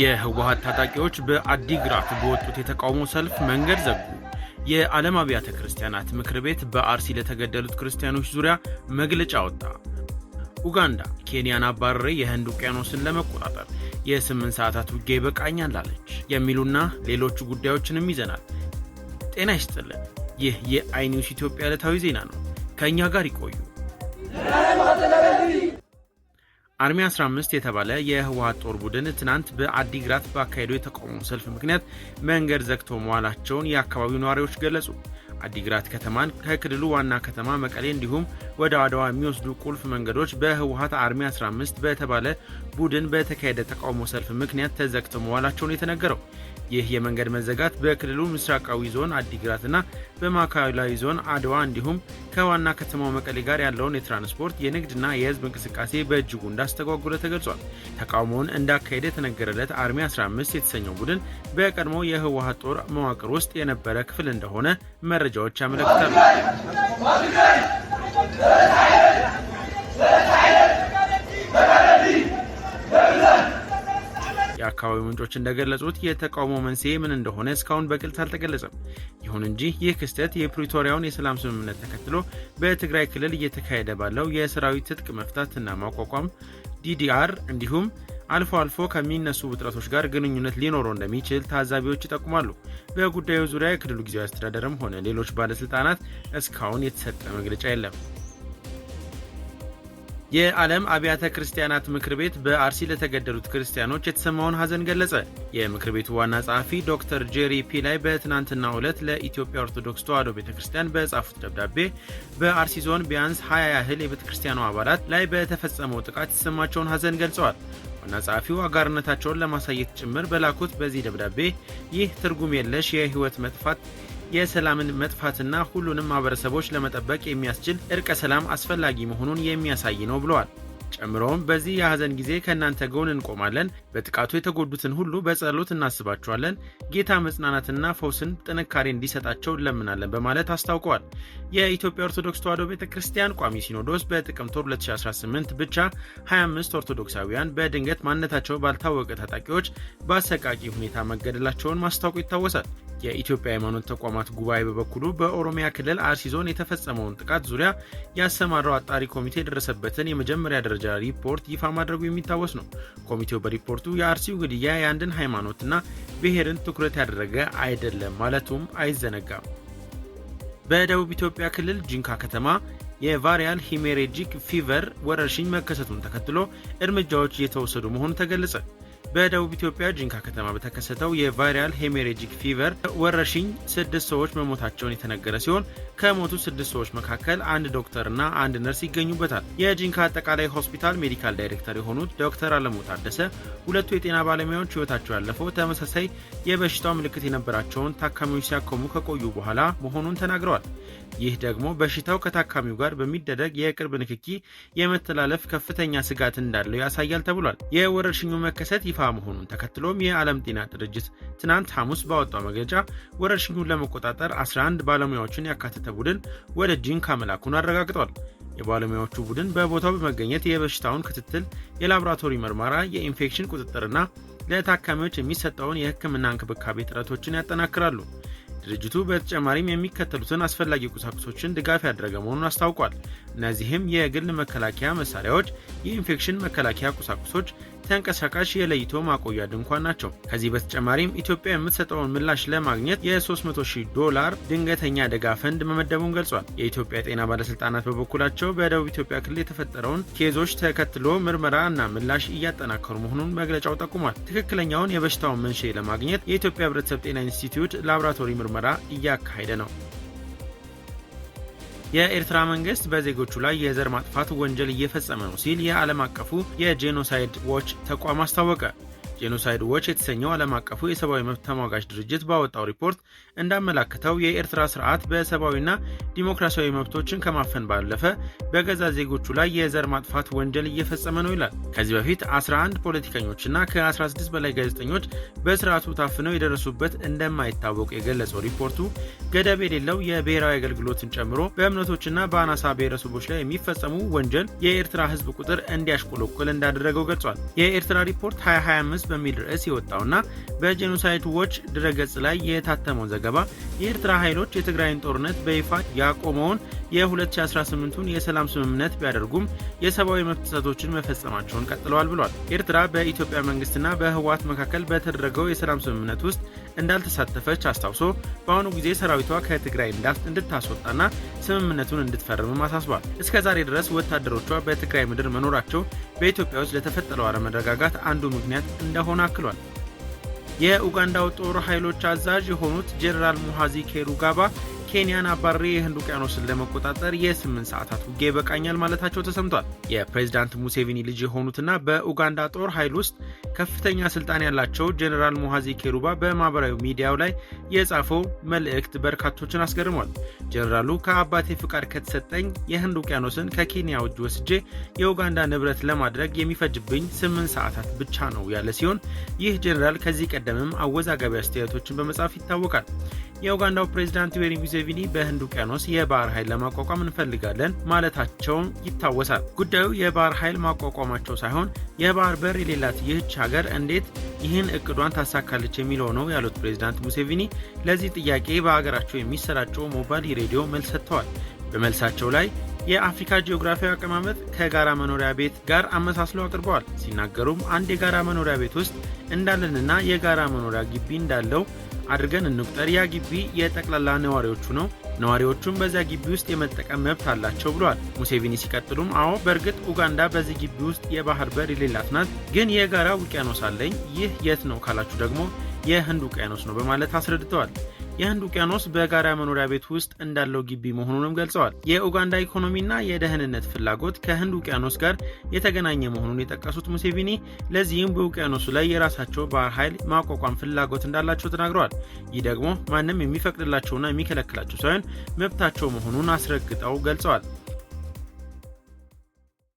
የህወሀት ታጣቂዎች በአዲግራት በወጡት የተቃውሞ ሰልፍ መንገድ ዘጉ። የዓለም አብያተ ክርስቲያናት ምክር ቤት በአርሲ ለተገደሉት ክርስቲያኖች ዙሪያ መግለጫ ወጣ። ኡጋንዳ ኬንያን አባረሬ የህንድ ውቅያኖስን ለመቆጣጠር የስምንት ሰዓታት ውጊያ ይበቃኛል አለች። የሚሉና ሌሎቹ ጉዳዮችንም ይዘናል። ጤና ይስጥልን። ይህ የአይኒውስ ኢትዮጵያ ዕለታዊ ዜና ነው። ከእኛ ጋር ይቆዩ። አርሚ 15 የተባለ የህወሀት ጦር ቡድን ትናንት በአዲግራት በአካሄደው የተቃውሞ ሰልፍ ምክንያት መንገድ ዘግቶ መዋላቸውን የአካባቢው ነዋሪዎች ገለጹ። አዲግራት ከተማን ከክልሉ ዋና ከተማ መቀሌ እንዲሁም ወደ አድዋ የሚወስዱ ቁልፍ መንገዶች በህወሀት አርሚ 15 በተባለ ቡድን በተካሄደ ተቃውሞ ሰልፍ ምክንያት ተዘግተው መዋላቸውን የተነገረው ይህ የመንገድ መዘጋት በክልሉ ምስራቃዊ ዞን አዲግራትና በማዕከላዊ ዞን አድዋ እንዲሁም ከዋና ከተማው መቀሌ ጋር ያለውን የትራንስፖርት የንግድና የህዝብ እንቅስቃሴ በእጅጉ እንዳስተጓጉለ ተገልጿል። ተቃውሞውን እንዳካሄደ የተነገረለት አርሚ 15 የተሰኘው ቡድን በቀድሞ የህወሀት ጦር መዋቅር ውስጥ የነበረ ክፍል እንደሆነ መረጃዎች ያመለክታሉ። የአካባቢው ምንጮች እንደገለጹት የተቃውሞ መንስኤ ምን እንደሆነ እስካሁን በግልጽ አልተገለጸም። ይሁን እንጂ ይህ ክስተት የፕሪቶሪያውን የሰላም ስምምነት ተከትሎ በትግራይ ክልል እየተካሄደ ባለው የሰራዊት ትጥቅ መፍታት እና ማቋቋም ዲዲአር እንዲሁም አልፎ አልፎ ከሚነሱ ውጥረቶች ጋር ግንኙነት ሊኖረው እንደሚችል ታዛቢዎች ይጠቁማሉ። በጉዳዩ ዙሪያ የክልሉ ጊዜያዊ አስተዳደርም ሆነ ሌሎች ባለስልጣናት እስካሁን የተሰጠ መግለጫ የለም። የዓለም አብያተ ክርስቲያናት ምክር ቤት በአርሲ ለተገደሉት ክርስቲያኖች የተሰማውን ሐዘን ገለጸ። የምክር ቤቱ ዋና ጸሐፊ ዶክተር ጄሪ ላይ በትናንትናው ዕለት ለኢትዮጵያ ኦርቶዶክስ ተዋሕዶ ቤተ ክርስቲያን በጻፉት ደብዳቤ በአርሲ ዞን ቢያንስ 20 ያህል የቤተ ክርስቲያኑ አባላት ላይ በተፈጸመው ጥቃት የተሰማቸውን ሐዘን ገልጸዋል። ዋና ጸሐፊው አጋርነታቸውን ለማሳየት ጭምር በላኩት በዚህ ደብዳቤ ይህ ትርጉም የለሽ የሕይወት መጥፋት የሰላምን መጥፋትና ሁሉንም ማህበረሰቦች ለመጠበቅ የሚያስችል እርቀ ሰላም አስፈላጊ መሆኑን የሚያሳይ ነው ብለዋል። ጨምሮም በዚህ የሐዘን ጊዜ ከእናንተ ጎን እንቆማለን፣ በጥቃቱ የተጎዱትን ሁሉ በጸሎት እናስባቸዋለን፣ ጌታ መጽናናትና ፈውስን ጥንካሬ እንዲሰጣቸው እንለምናለን በማለት አስታውቀዋል። የኢትዮጵያ ኦርቶዶክስ ተዋሕዶ ቤተ ክርስቲያን ቋሚ ሲኖዶስ በጥቅምት 2018 ብቻ 25 ኦርቶዶክሳውያን በድንገት ማንነታቸው ባልታወቀ ታጣቂዎች በአሰቃቂ ሁኔታ መገደላቸውን ማስታወቁ ይታወሳል። የኢትዮጵያ ሃይማኖት ተቋማት ጉባኤ በበኩሉ በኦሮሚያ ክልል አርሲ ዞን የተፈጸመውን ጥቃት ዙሪያ ያሰማራው አጣሪ ኮሚቴ የደረሰበትን የመጀመሪያ ደረጃ ሪፖርት ይፋ ማድረጉ የሚታወስ ነው። ኮሚቴው በሪፖርቱ የአርሲው ግድያ የአንድን ሃይማኖትና ብሔርን ትኩረት ያደረገ አይደለም ማለቱም አይዘነጋም። በደቡብ ኢትዮጵያ ክልል ጂንካ ከተማ የቫሪያል ሂሜሬጂክ ፊቨር ወረርሽኝ መከሰቱን ተከትሎ እርምጃዎች እየተወሰዱ መሆኑ ተገለጸ። በደቡብ ኢትዮጵያ ጂንካ ከተማ በተከሰተው የቫይራል ሄሜሬጂክ ፊቨር ወረርሽኝ ስድስት ሰዎች መሞታቸውን የተነገረ ሲሆን ከሞቱ ስድስት ሰዎች መካከል አንድ ዶክተርና አንድ ነርስ ይገኙበታል። የጂንካ አጠቃላይ ሆስፒታል ሜዲካል ዳይሬክተር የሆኑት ዶክተር አለሙ ታደሰ ሁለቱ የጤና ባለሙያዎች ሕይወታቸው ያለፈው ተመሳሳይ የበሽታው ምልክት የነበራቸውን ታካሚዎች ሲያከሙ ከቆዩ በኋላ መሆኑን ተናግረዋል። ይህ ደግሞ በሽታው ከታካሚው ጋር በሚደረግ የቅርብ ንክኪ የመተላለፍ ከፍተኛ ስጋት እንዳለው ያሳያል ተብሏል። የወረርሽኙ መከሰት ይፋ መሆኑን ተከትሎም የዓለም ጤና ድርጅት ትናንት ሐሙስ ባወጣው መግለጫ ወረርሽኙን ለመቆጣጠር 11 ባለሙያዎችን ያካተተ ቡድን ወደ ጂንካ መላኩን አረጋግጧል። የባለሙያዎቹ ቡድን በቦታው በመገኘት የበሽታውን ክትትል፣ የላቦራቶሪ ምርመራ፣ የኢንፌክሽን ቁጥጥርና ለታካሚዎች የሚሰጠውን የሕክምና እንክብካቤ ጥረቶችን ያጠናክራሉ። ድርጅቱ በተጨማሪም የሚከተሉትን አስፈላጊ ቁሳቁሶችን ድጋፍ ያደረገ መሆኑን አስታውቋል። እነዚህም የግል መከላከያ መሳሪያዎች፣ የኢንፌክሽን መከላከያ ቁሳቁሶች፣ ተንቀሳቃሽ የለይቶ ማቆያ ድንኳን ናቸው። ከዚህ በተጨማሪም ኢትዮጵያ የምትሰጠውን ምላሽ ለማግኘት የ300 ሺህ ዶላር ድንገተኛ አደጋ ፈንድ መመደቡን ገልጿል። የኢትዮጵያ ጤና ባለስልጣናት በበኩላቸው በደቡብ ኢትዮጵያ ክልል የተፈጠረውን ኬዞች ተከትሎ ምርመራ እና ምላሽ እያጠናከሩ መሆኑን መግለጫው ጠቁሟል። ትክክለኛውን የበሽታውን መንስኤ ለማግኘት የኢትዮጵያ ሕብረተሰብ ጤና ኢንስቲትዩት ላብራቶሪ ምርመራ እያካሄደ ነው። የኤርትራ መንግስት በዜጎቹ ላይ የዘር ማጥፋት ወንጀል እየፈጸመ ነው ሲል የዓለም አቀፉ የጄኖሳይድ ዎች ተቋም አስታወቀ። ጄኖሳይድ ዎች የተሰኘው ዓለም አቀፉ የሰብአዊ መብት ተሟጋች ድርጅት ባወጣው ሪፖርት እንዳመላከተው የኤርትራ ስርዓት በሰብአዊና ዲሞክራሲያዊ መብቶችን ከማፈን ባለፈ በገዛ ዜጎቹ ላይ የዘር ማጥፋት ወንጀል እየፈጸመ ነው ይላል። ከዚህ በፊት 11 ፖለቲከኞችና ከ16 በላይ ጋዜጠኞች በስርዓቱ ታፍነው የደረሱበት እንደማይታወቅ የገለጸው ሪፖርቱ ገደብ የሌለው የብሔራዊ አገልግሎትን ጨምሮ በእምነቶችና በአናሳ ብሔረሰቦች ላይ የሚፈጸሙ ወንጀል የኤርትራ ህዝብ ቁጥር እንዲያሽቆለቁል እንዳደረገው ገልጿል። የኤርትራ ሪፖርት 2025 በሚል ርዕስ የወጣውና በጄኖሳይድ ዎች ድረገጽ ላይ የታተመው ዘገባ የኤርትራ ኃይሎች የትግራይን ጦርነት በይፋ ያቆመውን የ2018ቱን የሰላም ስምምነት ቢያደርጉም የሰብአዊ መብት ጥሰቶችን መፈጸማቸውን ቀጥለዋል ብሏል። ኤርትራ በኢትዮጵያ መንግስትና በህወሓት መካከል በተደረገው የሰላም ስምምነት ውስጥ እንዳልተሳተፈች አስታውሶ በአሁኑ ጊዜ ሰራዊቷ ከትግራይ እንድታስወጣና ስምምነቱን እንድትፈርምም አሳስቧል። እስከ ዛሬ ድረስ ወታደሮቿ በትግራይ ምድር መኖራቸው በኢትዮጵያ ውስጥ ለተፈጠረው አለመረጋጋት አንዱ ምክንያት እንደሆነ አክሏል። የኡጋንዳው ጦር ኃይሎች አዛዥ የሆኑት ጄኔራል ሙሃዚ ኬሩጋባ ኬንያን አባሬ የህንድ ውቅያኖስን ለመቆጣጠር የስምንት ሰዓታት ውጌ ይበቃኛል ማለታቸው ተሰምቷል። የፕሬዚዳንት ሙሴቪኒ ልጅ የሆኑትና በኡጋንዳ ጦር ኃይል ውስጥ ከፍተኛ ስልጣን ያላቸው ጀኔራል ሙሃዚ ኬሩባ በማህበራዊ ሚዲያው ላይ የጻፈው መልእክት በርካቶችን አስገርሟል። ጀኔራሉ ከአባቴ ፍቃድ ከተሰጠኝ የህንድ ውቅያኖስን ከኬንያ እጅ ወስጄ የኡጋንዳ ንብረት ለማድረግ የሚፈጅብኝ ስምንት ሰዓታት ብቻ ነው ያለ ሲሆን ይህ ጀኔራል ከዚህ ቀደምም አወዛጋቢ አስተያየቶችን በመጻፍ ይታወቃል። የኡጋንዳው ፕሬዚዳንት ዩዌሪ ሙሴቪኒ በህንድ ውቅያኖስ የባህር ኃይል ለማቋቋም እንፈልጋለን ማለታቸውም ይታወሳል። ጉዳዩ የባህር ኃይል ማቋቋማቸው ሳይሆን የባህር በር የሌላት ይህች ሀገር እንዴት ይህን እቅዷን ታሳካለች የሚለው ነው ያሉት ፕሬዚዳንት ሙሴቪኒ ለዚህ ጥያቄ በሀገራቸው የሚሰራጨው ሞባይል ሬዲዮ መልስ ሰጥተዋል። በመልሳቸው ላይ የአፍሪካ ጂኦግራፊያዊ አቀማመጥ ከጋራ መኖሪያ ቤት ጋር አመሳስለው አቅርበዋል። ሲናገሩም አንድ የጋራ መኖሪያ ቤት ውስጥ እንዳለንና የጋራ መኖሪያ ግቢ እንዳለው አድርገን እንቁጠር። ያ ግቢ የጠቅላላ ነዋሪዎቹ ነው፣ ነዋሪዎቹም በዚያ ግቢ ውስጥ የመጠቀም መብት አላቸው ብሏል ሙሴቪኒ። ሲቀጥሉም አዎ፣ በእርግጥ ኡጋንዳ በዚህ ግቢ ውስጥ የባህር በር የሌላት ናት፣ ግን የጋራ ውቅያኖስ አለኝ። ይህ የት ነው ካላችሁ ደግሞ የህንድ ውቅያኖስ ነው በማለት አስረድተዋል። የህንድ ውቅያኖስ በጋራ መኖሪያ ቤት ውስጥ እንዳለው ግቢ መሆኑንም ገልጸዋል። የኡጋንዳ ኢኮኖሚና የደህንነት ፍላጎት ከህንድ ውቅያኖስ ጋር የተገናኘ መሆኑን የጠቀሱት ሙሴቪኒ ለዚህም በውቅያኖሱ ላይ የራሳቸው ባህር ኃይል ማቋቋም ፍላጎት እንዳላቸው ተናግረዋል። ይህ ደግሞ ማንም የሚፈቅድላቸውና የሚከለክላቸው ሳይሆን መብታቸው መሆኑን አስረግጠው ገልጸዋል።